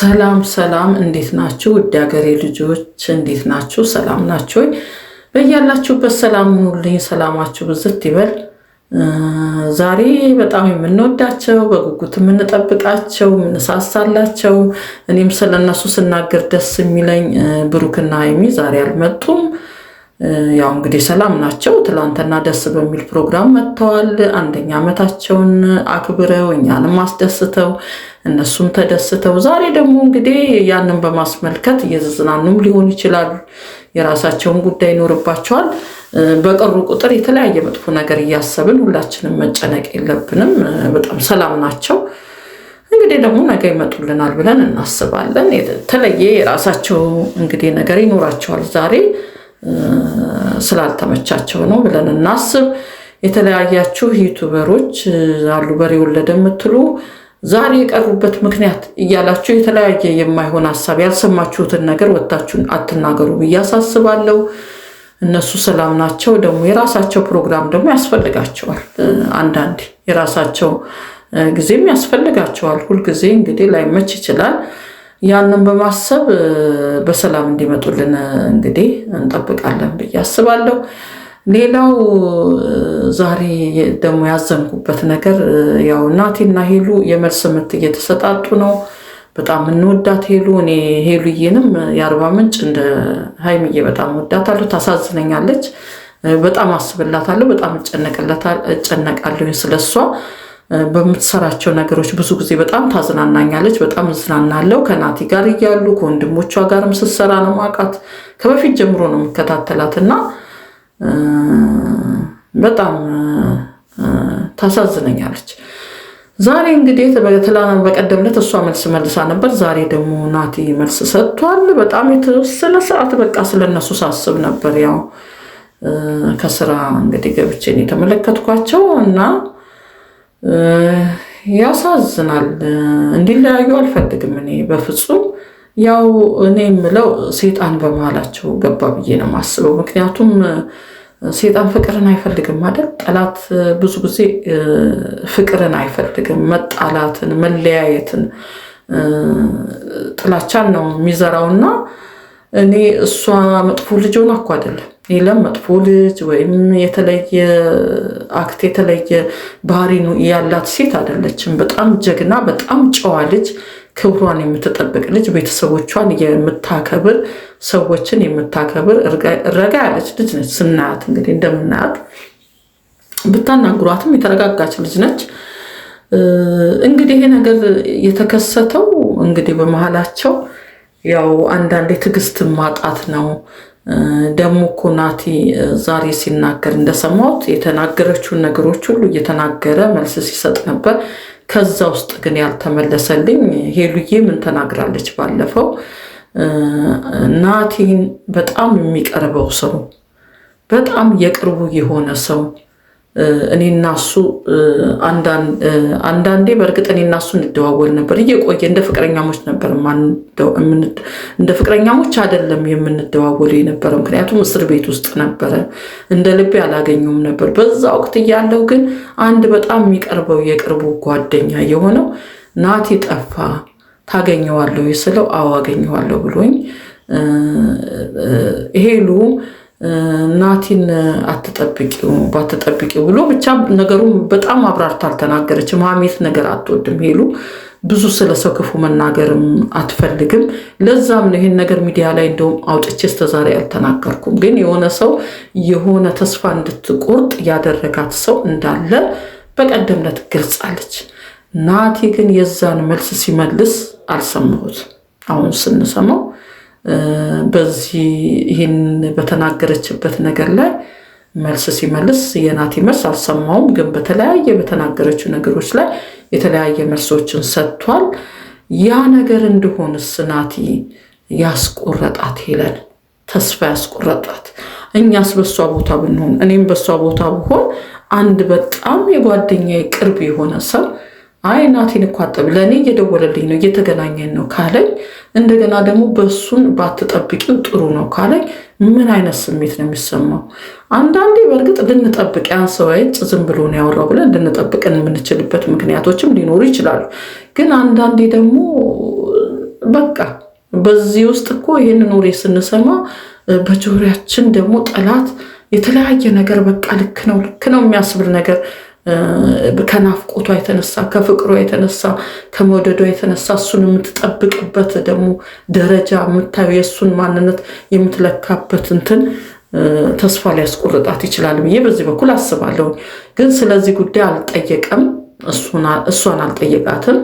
ሰላም ሰላም፣ እንዴት ናችሁ? ውድ ሀገሬ ልጆች እንዴት ናችሁ? ሰላም ናችሁ ወይ? በያላችሁበት ሰላም ሁኑልኝ። ሰላማችሁ ብዝት ይበል። ዛሬ በጣም የምንወዳቸው በጉጉት የምንጠብቃቸው የምንሳሳላቸው እኔም ስለነሱ ስናገር ደስ የሚለኝ ብሩክና ሀይሚ ዛሬ አልመጡም። ያው እንግዲህ ሰላም ናቸው። ትላንትና ደስ በሚል ፕሮግራም መጥተዋል። አንደኛ ዓመታቸውን አክብረው እኛንም አስደስተው እነሱም ተደስተው፣ ዛሬ ደግሞ እንግዲህ ያንን በማስመልከት እየተዝናኑም ሊሆን ይችላል። የራሳቸውን ጉዳይ ይኖርባቸዋል። በቀሩ ቁጥር የተለያየ መጥፎ ነገር እያሰብን ሁላችንም መጨነቅ የለብንም። በጣም ሰላም ናቸው። እንግዲህ ደግሞ ነገ ይመጡልናል ብለን እናስባለን። የተለየ የራሳቸው እንግዲህ ነገር ይኖራቸዋል ዛሬ ስላልተመቻቸው ነው ብለን እናስብ። የተለያያችሁ ዩቱበሮች አሉ በሬ ወለደ የምትሉ ዛሬ የቀሩበት ምክንያት እያላችሁ የተለያየ የማይሆን ሀሳብ ያልሰማችሁትን ነገር ወታችሁን አትናገሩ ብዬ አሳስባለሁ። እነሱ ሰላም ናቸው። ደግሞ የራሳቸው ፕሮግራም ደግሞ ያስፈልጋቸዋል። አንዳንዴ የራሳቸው ጊዜም ያስፈልጋቸዋል። ሁልጊዜ እንግዲህ ላይመች ይችላል። ያንን በማሰብ በሰላም እንዲመጡልን እንግዲህ እንጠብቃለን ብዬ አስባለሁ። ሌላው ዛሬ ደግሞ ያዘንኩበት ነገር ያው እናቴና ሄሉ የመልስ ምት እየተሰጣጡ ነው። በጣም እንወዳት ሄሉ እኔ ሄሉዬንም የአርባ ምንጭ እንደ ሀይምዬ በጣም ወዳታለሁ። ታሳዝነኛለች። በጣም አስብላታለሁ። በጣም እጨነቃለሁ ስለሷ በምትሰራቸው ነገሮች ብዙ ጊዜ በጣም ታዝናናኛለች። በጣም እዝናናለው። ከናቲ ጋር እያሉ ከወንድሞቿ ጋርም ስትሰራ ነው ማውቃት። ከበፊት ጀምሮ ነው የምከታተላት እና በጣም ታሳዝነኛለች። ዛሬ እንግዲህ በቀደም ዕለት እሷ መልስ መልሳ ነበር። ዛሬ ደግሞ ናቲ መልስ ሰጥቷል። በጣም የተወሰነ ሰዓት በቃ ስለነሱ ሳስብ ነበር። ያው ከስራ እንግዲህ ገብቼን የተመለከትኳቸው እና ያሳዝናል። እንዲለያዩ አልፈልግም እኔ በፍጹም። ያው እኔ የምለው ሴጣን በመሀላቸው ገባ ብዬ ነው የማስበው። ምክንያቱም ሴጣን ፍቅርን አይፈልግም ማለት ጠላት ብዙ ጊዜ ፍቅርን አይፈልግም፣ መጣላትን፣ መለያየትን፣ ጥላቻን ነው የሚዘራውና እኔ እሷ መጥፎ ልጅ ሆና እኮ አይደለም የለም መጥፎ ልጅ ወይም የተለየ አክት የተለየ ባህሪ ያላት ሴት አይደለችም። በጣም ጀግና፣ በጣም ጨዋ ልጅ፣ ክብሯን የምትጠብቅ ልጅ፣ ቤተሰቦቿን የምታከብር፣ ሰዎችን የምታከብር ረጋ ያለች ልጅ ነች። ስናያት እንግዲህ እንደምናያት ብታናግሯትም የተረጋጋች ልጅ ነች። እንግዲህ ይሄ ነገር የተከሰተው እንግዲህ በመሀላቸው ያው አንዳንዴ ትዕግስት ማጣት ነው ደግሞ እኮ ናቲ ዛሬ ሲናገር እንደሰማሁት የተናገረችውን ነገሮች ሁሉ እየተናገረ መልስ ሲሰጥ ነበር። ከዛ ውስጥ ግን ያልተመለሰልኝ ሄሉዬ ምን ተናግራለች? ባለፈው ናቲን በጣም የሚቀርበው ሰው በጣም የቅርቡ የሆነ ሰው እኔ እናሱ አንዳንዴ በእርግጥ እኔ እናሱ እንደዋወል ነበር እየቆየ እንደ ፍቅረኛሞች ነበር እንደ ፍቅረኛሞች አይደለም የምንደዋወሉ የነበረ ምክንያቱም እስር ቤት ውስጥ ነበረ እንደ ልቤ አላገኘውም ነበር በዛ ወቅት እያለው ግን አንድ በጣም የሚቀርበው የቅርቡ ጓደኛ የሆነው ናቲ ጠፋ ታገኘዋለሁ ስለው አዎ አገኘዋለሁ ብሎኝ ሄሉ ናቲን አትጠብቂው ባትጠብቂው ብሎ ብቻ ነገሩን በጣም አብራርታ አልተናገረችም። ሀሜት ነገር አትወድም ሄሉ ብዙ ስለ ሰው ክፉ መናገርም አትፈልግም። ለዛም ነው ይህን ነገር ሚዲያ ላይ እንደውም አውጥቼ እስከዛሬ አልተናገርኩም። ግን የሆነ ሰው የሆነ ተስፋ እንድትቆርጥ ያደረጋት ሰው እንዳለ በቀደም ዕለት ገልጻለች። ናቲ ግን የዛን መልስ ሲመልስ አልሰማሁት። አሁን ስንሰማው በዚህ ይህን በተናገረችበት ነገር ላይ መልስ ሲመልስ የናቲ መልስ አልሰማውም፣ ግን በተለያየ በተናገረችው ነገሮች ላይ የተለያየ መልሶችን ሰጥቷል። ያ ነገር እንደሆንስ ናቲ ያስቆረጣት ሄለን ተስፋ ያስቆረጣት፣ እኛስ በሷ ቦታ ብንሆን፣ እኔም በሷ ቦታ ብሆን አንድ በጣም የጓደኛ ቅርብ የሆነ ሰው አይ እናቴን እኮ አጠብ ለእኔ እየደወለልኝ ነው እየተገናኘን ነው ካለኝ፣ እንደገና ደግሞ በእሱን ባትጠብቂው ጥሩ ነው ካለኝ ምን አይነት ስሜት ነው የሚሰማው? አንዳንዴ በእርግጥ ልንጠብቅ ያን ሰው አይጭ ዝም ብሎ ነው ያወራው ብለን ልንጠብቅን የምንችልበት ምክንያቶችም ሊኖሩ ይችላሉ። ግን አንዳንዴ ደግሞ በቃ በዚህ ውስጥ እኮ ይህንን ወሬ ስንሰማ በጆሮያችን ደግሞ ጠላት የተለያየ ነገር በቃ ልክ ነው ልክ ነው የሚያስብል ነገር ከናፍቆቷ የተነሳ ከፍቅሯ የተነሳ ከመውደዷ የተነሳ እሱን የምትጠብቅበት ደግሞ ደረጃ የምታዩ የእሱን ማንነት የምትለካበት እንትን ተስፋ ሊያስቆርጣት ይችላል ብዬ በዚህ በኩል አስባለሁ። ግን ስለዚህ ጉዳይ አልጠየቀም፣ እሷን አልጠየቃትም፣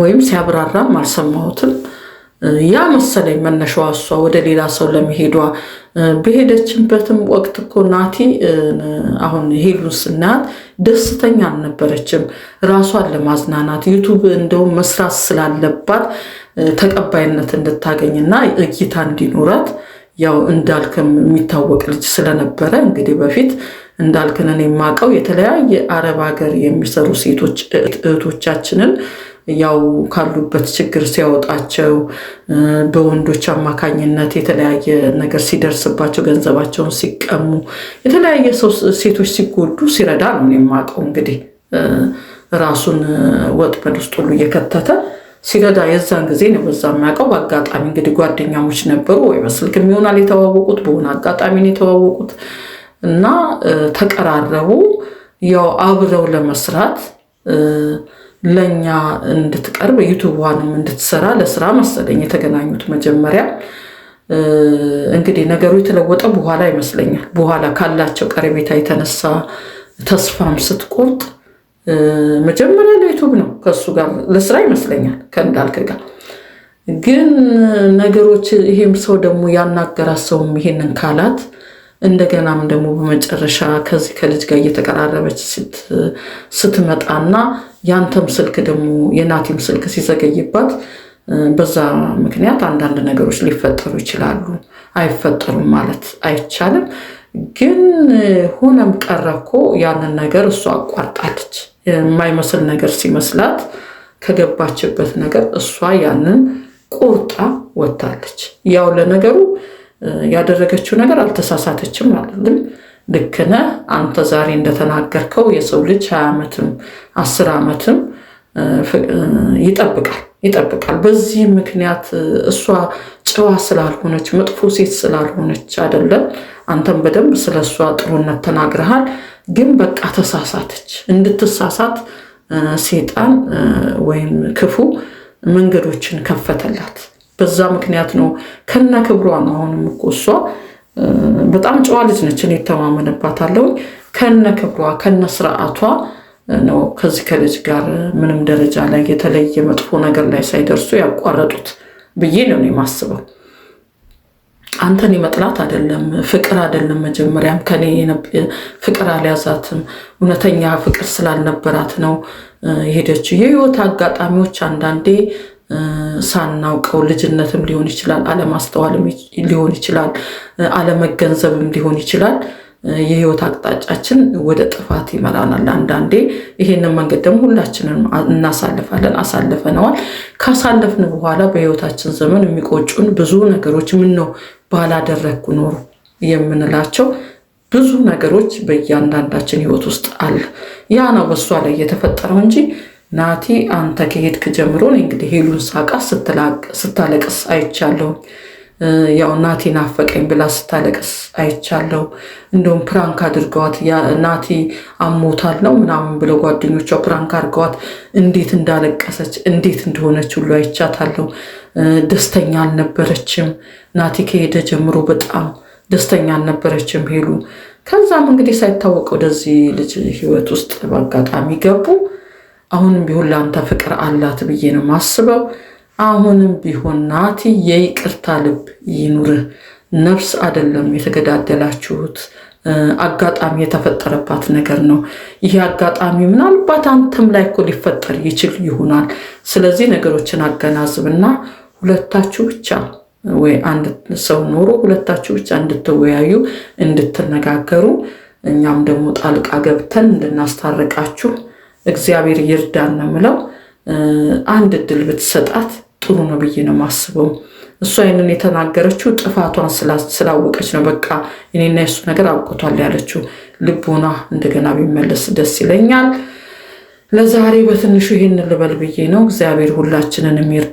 ወይም ሲያብራራም አልሰማሁትም። ያ መሰለኝ መነሻዋ እሷ ወደ ሌላ ሰው ለመሄዷ። በሄደችበትም ወቅት እኮ ናቲ አሁን ሄሉን ስናያት ደስተኛ አልነበረችም። ራሷን ለማዝናናት ዩቱብ እንደውም መስራት ስላለባት ተቀባይነት እንድታገኝና እይታ እንዲኖራት ያው እንዳልክም የሚታወቅ ልጅ ስለነበረ እንግዲህ በፊት እንዳልክንን የማውቀው የተለያየ አረብ ሀገር የሚሰሩ ሴቶች እህቶቻችንን ያው ካሉበት ችግር ሲያወጣቸው በወንዶች አማካኝነት የተለያየ ነገር ሲደርስባቸው ገንዘባቸውን ሲቀሙ የተለያየ ሰው ሴቶች ሲጎዱ ሲረዳ ነው የማውቀው። እንግዲህ ራሱን ወጥመድ ውስጥ ሁሉ እየከተተ ሲረዳ የዛን ጊዜ ነው በዛ የማያውቀው። በአጋጣሚ እንግዲህ ጓደኛሞች ነበሩ ወይ በስልክም ይሆናል የተዋወቁት፣ በሆነ አጋጣሚ ነው የተዋወቁት እና ተቀራረቡ ያው አብረው ለመስራት ለእኛ እንድትቀርብ ዩቱብዋንም እንድትሰራ ለስራ መሰለኝ የተገናኙት መጀመሪያ። እንግዲህ ነገሩ የተለወጠ በኋላ ይመስለኛል። በኋላ ካላቸው ቀረቤታ የተነሳ ተስፋም ስትቆርጥ መጀመሪያ ለዩቱብ ነው ከሱ ጋር ለስራ ይመስለኛል ከእንዳልክ ጋር ግን ነገሮች ይሄም ሰው ደግሞ ያናገራት ሰውም ይሄንን ካላት እንደገናም ደግሞ በመጨረሻ ከዚህ ከልጅ ጋር እየተቀራረበች ስትመጣና ያንተም ስልክ ደግሞ የናቲም ስልክ ሲዘገይባት በዛ ምክንያት አንዳንድ ነገሮች ሊፈጠሩ ይችላሉ። አይፈጠሩም ማለት አይቻልም፣ ግን ሆነም ቀረ እኮ ያንን ነገር እሷ አቋርጣለች። የማይመስል ነገር ሲመስላት ከገባችበት ነገር እሷ ያንን ቁርጣ ወታለች ያው ለነገሩ ያደረገችው ነገር አልተሳሳተችም አይደለም። ልክ ነህ አንተ ዛሬ እንደተናገርከው የሰው ልጅ ሀያ ዓመትም አስር ዓመትም ይጠብቃል ይጠብቃል። በዚህ ምክንያት እሷ ጨዋ ስላልሆነች መጥፎ ሴት ስላልሆነች አይደለም። አንተም በደንብ ስለ እሷ ጥሩነት ተናግረሃል። ግን በቃ ተሳሳተች። እንድትሳሳት ሴጣን ወይም ክፉ መንገዶችን ከፈተላት። በዛ ምክንያት ነው ከነ ክብሯ አሁንም እኮ እሷ በጣም ጨዋ ልጅ ነች። እኔ ተማመንባታለሁ ከነ ክብሯ ከነ ስርዓቷ ነው ከዚህ ከልጅ ጋር ምንም ደረጃ ላይ የተለየ መጥፎ ነገር ላይ ሳይደርሱ ያቋረጡት ብዬ ነው የማስበው። አንተን መጥላት አይደለም ፍቅር አይደለም። መጀመሪያም ከኔ ፍቅር አልያዛትም። እውነተኛ ፍቅር ስላልነበራት ነው የሄደችው። የህይወት አጋጣሚዎች አንዳንዴ ሳናውቀው ልጅነትም ሊሆን ይችላል፣ አለማስተዋልም ሊሆን ይችላል፣ አለመገንዘብም ሊሆን ይችላል። የህይወት አቅጣጫችን ወደ ጥፋት ይመራናል። አንዳንዴ ይሄንን መንገድ ደግሞ ሁላችንም እናሳልፋለን፣ አሳልፈነዋል። ካሳለፍን በኋላ በህይወታችን ዘመን የሚቆጩን ብዙ ነገሮች፣ ምን ነው ባላደረግኩ ኖሮ የምንላቸው ብዙ ነገሮች በእያንዳንዳችን ህይወት ውስጥ አለ። ያ ነው በእሷ ላይ የተፈጠረው እንጂ ናቲ አንተ ከሄድክ ጀምሮ እንግዲህ ሄሉን ሳቃ ስታለቅስ አይቻለሁ። ያው ናቲ ናፈቀኝ ብላ ስታለቅስ አይቻለሁ። እንደውም ፕራንክ አድርገዋት ናቲ አሞታል ነው ምናምን ብለው ጓደኞቿ ፕራንክ አድርገዋት እንዴት እንዳለቀሰች እንዴት እንደሆነች ሁሉ አይቻታለሁ። ደስተኛ አልነበረችም። ናቲ ከሄደ ጀምሮ በጣም ደስተኛ አልነበረችም ሄሉ። ከዛም እንግዲህ ሳይታወቅ ወደዚህ ልጅ ህይወት ውስጥ በአጋጣሚ ገቡ። አሁንም ቢሆን ለአንተ ፍቅር አላት ብዬ ነው ማስበው። አሁንም ቢሆን ናቲ የይቅርታ ልብ ይኑርህ። ነፍስ አይደለም የተገዳደላችሁት፣ አጋጣሚ የተፈጠረባት ነገር ነው። ይህ አጋጣሚ ምናልባት አንተም ላይ እኮ ሊፈጠር ይችል ይሆናል። ስለዚህ ነገሮችን አገናዝብና ሁለታችሁ ብቻ ወይ አንድ ሰው ኖሮ ሁለታችሁ ብቻ እንድትወያዩ እንድትነጋገሩ፣ እኛም ደግሞ ጣልቃ ገብተን እንድናስታርቃችሁ እግዚአብሔር ይርዳን ነው የምለው። አንድ እድል ብትሰጣት ጥሩ ነው ብዬ ነው የማስበው። እሷ ይህንን የተናገረችው ጥፋቷን ስላወቀች ነው። በቃ እኔና የሱ ነገር አብቅቷል ያለችው። ልቦና እንደገና ቢመለስ ደስ ይለኛል። ለዛሬ በትንሹ ይህን ልበል ብዬ ነው። እግዚአብሔር ሁላችንን የሚርዳ